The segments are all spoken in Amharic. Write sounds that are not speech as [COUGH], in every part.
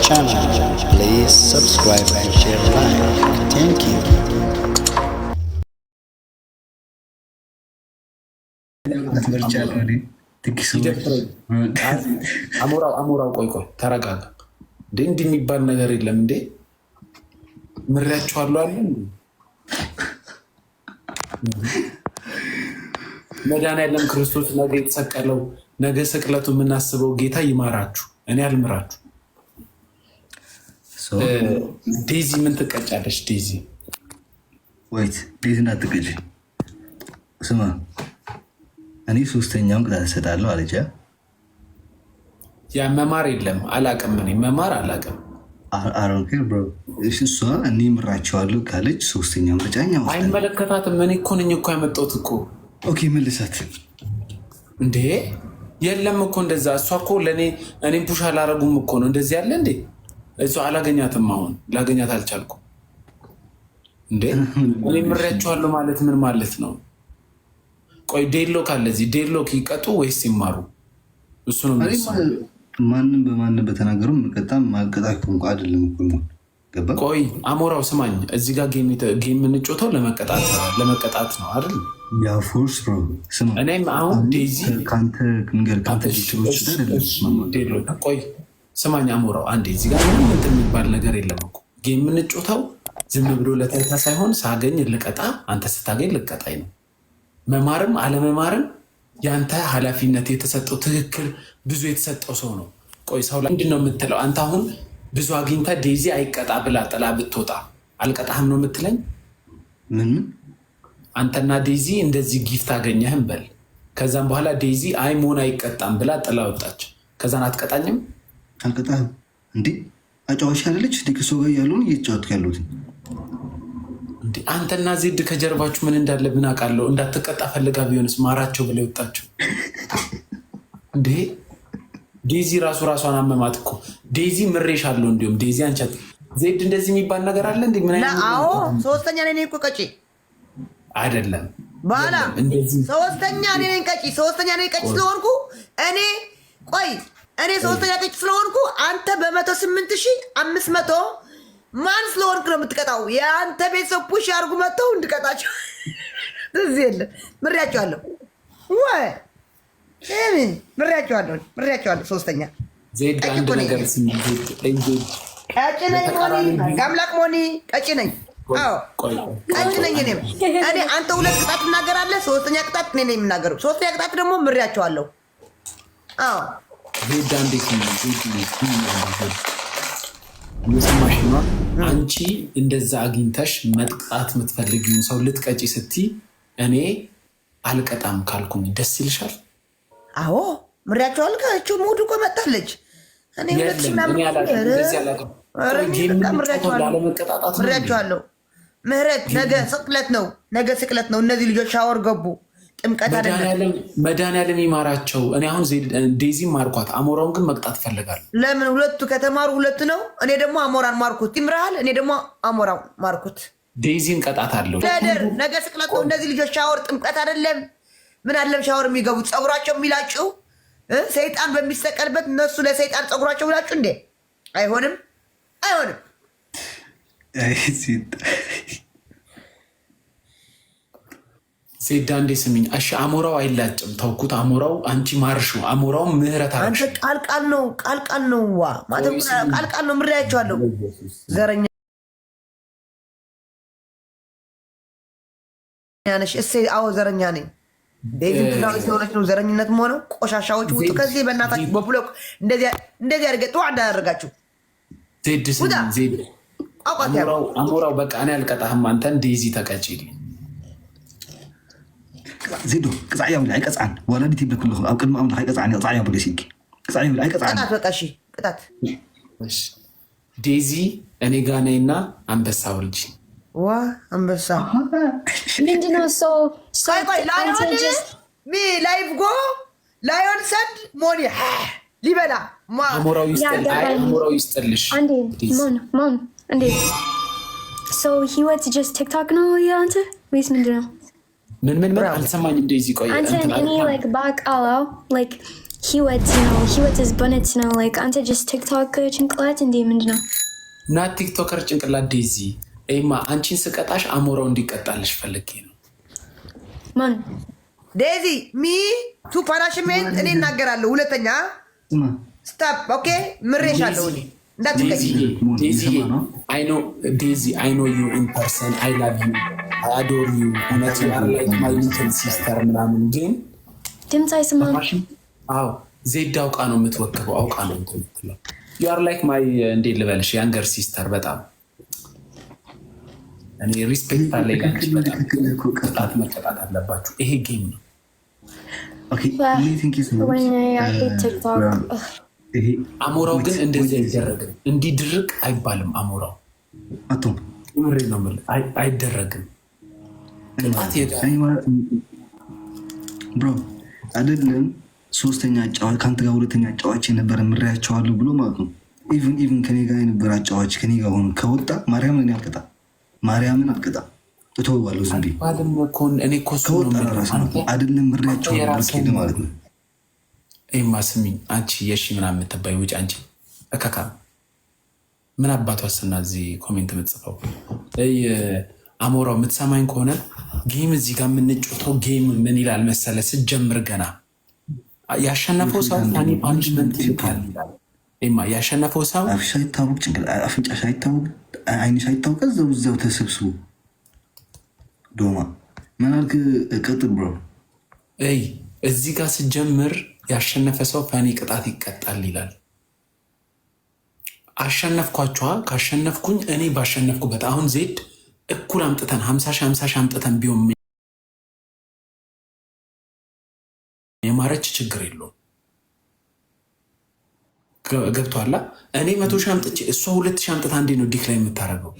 channel. Please subscribe and share like. Thank you. አሞራው አሞራው ቆይ ቆይ ተረጋጋ። እንዲ የሚባል ነገር የለም እንዴ ምሬያችኋለሁ አለ መድኃኒዓለም ክርስቶስ ነገ የተሰቀለው ነገ ስቅለቱ የምናስበው ጌታ ይማራችሁ። እኔ አልምራችሁ ዴዚ ምን ትቀጫለች? ዴዚ ወይት ቤት እንዳትቀጭ። ስማ እኔ ሶስተኛውን ቅጣት እሰጣለሁ አለች። ያ መማር የለም አላቅም፣ እኔ መማር አላቅም። አሮንኬር ብሮ እሷ እኔ ምራቸዋለሁ ካለች ሶስተኛውን ቅጫኛ አይመለከታትም። እኔ እኮ ነኝ እኮ ያመጣሁት እኮ ኦኬ መልሳት እንዴ የለም እኮ እንደዛ። እሷ እኮ ለእኔ እኔም ፑሽ አላረጉም እኮ ነው እንደዚህ ያለ እንዴ እሷ አላገኛትም። አሁን ላገኛት አልቻልኩ እንዴ [LAUGHS] እኔ ምሬያችኋለሁ ማለት ምን ማለት ነው? ቆይ ዴሎክ አለ እዚህ። ዴሎክ ይቀጡ ወይስ ይማሩ? እሱ ነው ማንም በማንም በተናገረው መቀጣም ማቀጣ እንኳ አይደለም ቆይ አሞራው ስማኝ፣ እዚህ ጋር ጌም የምንጮተው ለመቀጣት ነው አይደል? ያፎርስ እኔም አሁን ዴዚ ከአንተ ንገር፣ ከአንተ ቆይ ስማኝ አሞራው አንዴ እዚህ ጋር ምንም እንትን የሚባል ነገር የለም እኮ ጌም የምንጮተው ዝም ብሎ ለተታ ሳይሆን ሳገኝ ልቀጣ፣ አንተ ስታገኝ ልቀጣኝ ነው። መማርም አለመማርም የአንተ ኃላፊነት የተሰጠው ትክክል ብዙ የተሰጠው ሰው ነው። ቆይ ሰው ላይ ምንድን ነው የምትለው አንተ? አሁን ብዙ አግኝታ ዴዚ አይቀጣ ብላ ጥላ ብትወጣ አልቀጣህም ነው የምትለኝ? ምን አንተና ዴዚ እንደዚህ ጊፍት አገኘህም በል። ከዛም በኋላ ዴዚ አይ መሆን አይቀጣም ብላ ጥላ ወጣች። ከዛን አትቀጣኝም አልቀጣህም እንዴ? አጫዋች አይደለች እንዴ? ከሰው ጋር ያለውን እየተጫወትክ ያሉት አንተና ዜድ ከጀርባችሁ ምን እንዳለ ምን አውቃለሁ። እንዳትቀጣ ፈልጋ ቢሆንስ ማራቸው ብለ ወጣቸው እንዴ? ዴዚ ራሱ ራሷን አመማት እኮ ዴዚ ምሬሽ አለው። እንዲሁም ዴዚ አንቻት ዜድ እንደዚህ የሚባል ነገር አለ እንዴ? ምን አዎ፣ ሶስተኛ ነኝ እኮ ቀጪ አይደለም በኋላ ሶስተኛ ነኝ ቀጪ ሶስተኛ ነኝ ቀጪ ስለሆንኩ እኔ ቆይ እኔ ሶስተኛ ቅጭ ስለሆንኩ አንተ በመቶ ስምንት ሺህ አምስት መቶ ማን ስለሆንክ ነው የምትቀጣው? የአንተ ቤተሰብ ፑሽ አድርጉ መጥተው እንድቀጣቸው [LAUGHS] እዚህ የለ ምሬያቸዋለሁ ወይ ምሬያቸዋለሁ፣ ምሬያቸዋለሁ። ሶስተኛ አምላክ ሞኒ ቀጭ ነኝ፣ ቀጭ ነኝ። እኔም እኔ አንተ ሁለት ቅጣት እናገራለህ፣ ሶስተኛ ቅጣት እኔ ነኝ የምናገረው። ሶስተኛ ቅጣት ደግሞ ምሬያቸዋለሁ። አዎ ሄዳ እንዴት ነው እየሰማሽ አንቺ እንደዛ አግኝተሽ መጥቃት የምትፈልጊውን ሰው ልትቀጪ ስቲ እኔ አልቀጣም ካልኩኝ ደስ ይልሻል? አዎ ምሪያቸው አልቃቸው ሙድ እኮ መጣለች። እኔ ምህረት ነገ ስቅለት ነው፣ ነገ ስቅለት ነው። እነዚህ ልጆች ሻወር ገቡ ጥምቀት መድኃኒዓለም ይማራቸው። እኔ አሁን ዴዚ ማርኳት፣ አሞራውን ግን መቅጣት እፈልጋለሁ። ለምን? ሁለቱ ከተማሩ ሁለት ነው። እኔ ደግሞ አሞራን ማርኩት። ይምርሃል። እኔ ደግሞ አሞራው ማርኩት። ዴዚን ቀጣት አለሁ። ደር ነገ ስቅለቶ እነዚህ ልጆች ሻወር ጥምቀት አይደለም ምን አለም ሻወር የሚገቡት ፀጉራቸው የሚላጩ ሰይጣን በሚሰቀልበት እነሱ ለሰይጣን ፀጉራቸው ይላጩ እንዴ! አይሆንም፣ አይሆንም። ሴዳ እንዴ ስሚኝ፣ እሺ አሞራው አይላጭም። ተውኩት። አሞራው አንቺ ማርሹ አሞራው ምህረት አንተ ቃል ቃል ነው ቃል ቃል ነው ዋ ቃል ቃል ነው ምሬያቸዋለሁ። ዘረኛ ነሽ እሴ። አዎ ዘረኛ ነኝ። ቤዝምትናዊ ሲሆነች ነው ዘረኝነት ሆነ። ቆሻሻዎች ውጡ ከዚህ በእናታችሁ። በብሎክ እንደዚህ አድርገ ጥዋ እንዳያደርጋችሁ ዜድ ዜድ አሞራው በቃ እኔ አልቀጣህም። አንተን ዴዚ ተቀጭልኝ ዜዶ ቅፃዕ እያ ኣይቀፅዓን ወረዲት ይብል ክለኹ ኣብ ቅድሚ ኣምላኽ ኣይቀፅዓን ቅፃዕ እያ ብለሲ ቅፃዕ ይብል ኣይቀፅዓን በቃ እሺ ቅጣት ዴዚ እኔ ጋ ነይና አንበሳ ውልጅ ዋ አንበሳ ምንድነው ሰው ላይፍ ጎ ላዮን ሰድ ሞኒ ሊበላ ሰው ህይወት ጀስት ቲክቶክ ነው የአንተ ወይስ ምንድነው? ምን ምን ምን አልሰማኝም። እንደዚ ቆይ ህይወት ነው ህይወት በነት ነው። አንተ ቲክቶክ ጭንቅላት እንዴ ነው? ቲክቶከር ጭንቅላት ዴዚ ይማ አንቺን ስቀጣሽ አሞራው እንዲቀጣልሽ ፈልጌ ነው። ማን ዴዚ ሚ ቱ ፓናሽሜንት እኔ እናገራለሁ። ሁለተኛ ስታፕ ኦኬ። ምሬሻለሁ እኔ ዴዚ አይኖ ዴዚ አይኖ ዩ ኢን ፐርሰን አይ ላቭ ዩ አዶር ዩ እውነት ዩአር ላይክ ማይ ሊትል ሲስተር ምናምን ግን ድምፅ አይስማም። አዎ ዜድ አውቃ ነው የምትወክበው፣ አውቃ ነው የምትወክለው። ዩአር ላይክ ማይ እንዴት ልበልሽ፣ ያንገር ሲስተር በጣም እኔ ሪስፔክት አለ። ቅጣት መቀጣት አለባችሁ። ይሄ ጌም ነው። uh, አሞራው ግን እንደዚህ አይደረግም። እንዲህ ድርቅ አይባልም። አሞራው ምሬ ነው አይደረግም። ብሮ አይደለም ሶስተኛ አጫዋች ከአንተ ጋር ሁለተኛ አጫዋች የነበረ ምሬያቸዋለሁ ብሎ ማለት ነው። ኢቭን ኢቭን ከኔ ጋር የነበረ አጫዋች ከኔ ጋር ሆኖ ከወጣ ማርያምን አልቀጣ ማርያምን አልቀጣ እተወዋለሁ ዝም ብዬ ከወጣ ራስ አይደለም ምሬያቸዋለሁ ማለት ነው። ይህማ ስሚኝ አንቺ የሺ ምናምን የምትባይ ውጭ አንቺ እካካ ምን አባቷ ስና እዚህ ኮሜንት የምትጽፈው አሞራው የምትሰማኝ ከሆነ ጌም እዚህ ጋር የምንጮተው ጌም ምን ይላል መሰለ፣ ስጀምር ገና ያሸነፈው ሰው ፋኒ ፓኒሽመንት ይካል ይላል። ያሸነፈው ሰው አይታወቅ፣ አፍንጫሽ አይታወቅ፣ አይንሽ አይታወቅ፣ እዛው እዛው ተሰብስቦ ዶማ ምናልክ ቅጥ ብሮ ይ እዚህ ጋር ስጀምር ያሸነፈ ሰው ፋኒ ቅጣት ይቀጣል ይላል። አሸነፍኳችኋ ካሸነፍኩኝ እኔ ባሸነፍኩበት አሁን ዜድ እኩል አምጥተን ሀምሳ ሺህ ሀምሳ ሺህ አምጥተን ቢሆን የማረች ችግር የለውም። ገብቶሃል? እኔ መቶ ሺህ አምጥቼ እሷ ሁለት ሺህ አምጥታ እንዴ ነው ዲክ ላይ የምታደርገው?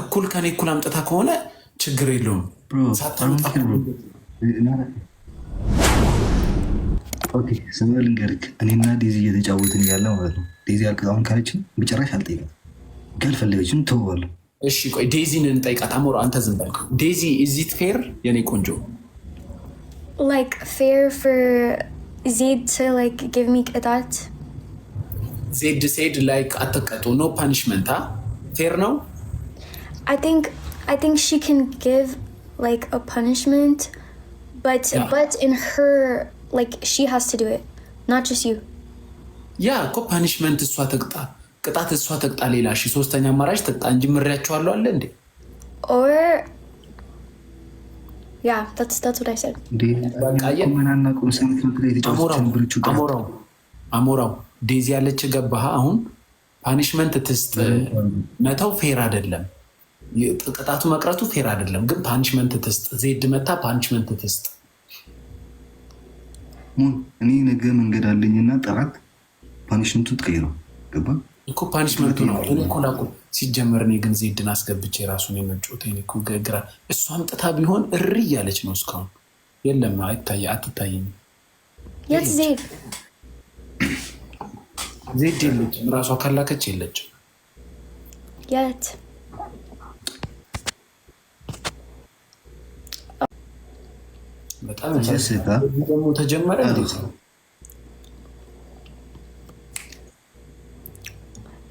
እኩል ከኔ እኩል አምጥታ ከሆነ ችግር የለውም። ስምር እኔና ዴዚ እየተጫወትን እያለ ማለት ነው። ዴዚ አልቅጣሁን ካለችን በጭራሽ አልጠይቅም። ፈለገችን ትወዋሉ። እሺ ቆይ ዴዚን እንጠይቃት። አሞር አንተ ዝም ዴዚ ኢዚት ፌር የኔ ቆንጆ ላይክ ፌር ፎር ዜድ ላይክ ጊቭ ሚ ቅጣት ዜድ ሴድ ላይክ አትቀጡ ኖ ፓኒሽመንታ ፌር ነው። አይ ቲንክ አይ ቲንክ ሺ ካን ጊቭ ላይክ አ ፓኒሽመንት በት በት ኢን ሄር ላይክ ሺ has ቱ do it not just you ያ እኮ ፓኒሽመንት እሷ ተቅጣ ቅጣት እሷ ተቅጣ ሌላ ሺ ሶስተኛ አማራጭ ተቅጣ እንጂ ምሬያቸዋለሁ አለ እንዴ ኦር ያ አሞራው ዴዚ ያለች ገባህ አሁን ፓኒሽመንት ትስጥ መተው ፌር አይደለም ቅጣቱ መቅረቱ ፌር አይደለም ግን ፓኒሽመንት ትስጥ ዜድ መታ ፓኒሽመንት ትስጥ ሙን እኔ ነገ መንገድ አለኝና ጠራት ፓኒሽመንቱ ትቀይረው ገባ እኮ ፓኒሽመንቱ ነው። እኔ እኮ ላኩ ሲጀመር እኔ ግን ዜድን አስገብቼ የራሱን የመጮት እኮ ገግራ እሱ አምጥታ ቢሆን እሪ እያለች ነው። እስካሁን የለም አይታየ አትታየኝ። የት ዜድ ዜድ የለችም። ራሷ ካላከች የለችም። የት በጣም ደግሞ ተጀመረ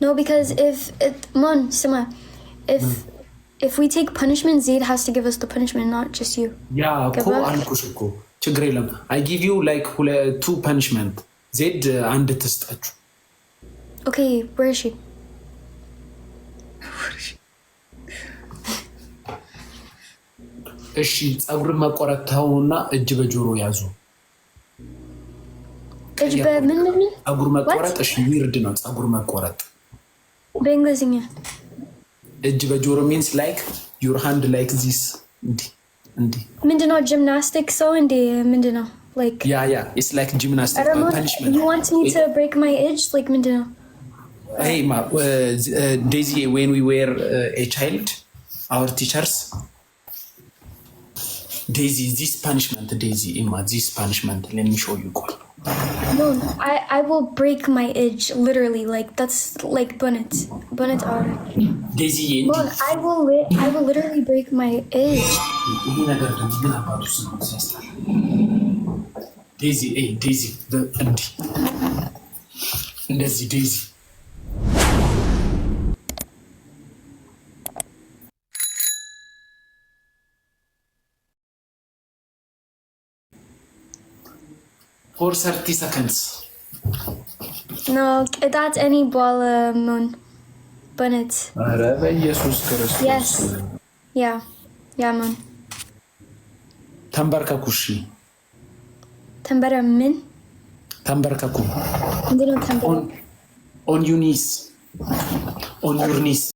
No, because if if Mon, Sima, if hmm. if we take punishment, Zaid has to give us the punishment, not just you. Yeah, እኮ I give you like two punishment. and the test. Okay, where is she? እሺ ፀጉር መቆረጥ ተውና እጅ በጆሮ ያዙ። እጅ በምን ፀጉር መቆረጥ? እሺ ዊርድ ነው ፀጉር መቆረጥ በእንግሊዝኛ እጅ በጆሮ ሚንስ ላይክ ዩር ሃንድ ላይክ ዚስ እንዲህ እንዲህ ምንድነው? ጂምናስቲክ ሰው እንዴ ምንድነው? ላይክ ያ ያ ኢትስ ላይክ ጂምናስቲክ ማይ ኤጅ ምንድነው? ሄይ ማ ዴዚ ዌን ዊ ዌር ኤ ቻይልድ አወር ቲቸርስ Daisy, this punishment, Daisy, Emma, this punishment. Let me show you. girl. No, I, I will break my edge, literally. Like, that's like bonnet. Bonnet are. Daisy, Mon, I will, li- I will literally break my edge. Daisy, hey, Daisy, the, Daisy, Daisy. for 30 seconds. No, that's any ball uh, moon. But it's. Yes. Yeah. Yeah, moon. Tambarka kushi. Tambara min? Tambarka ku. On your knees. On your knees.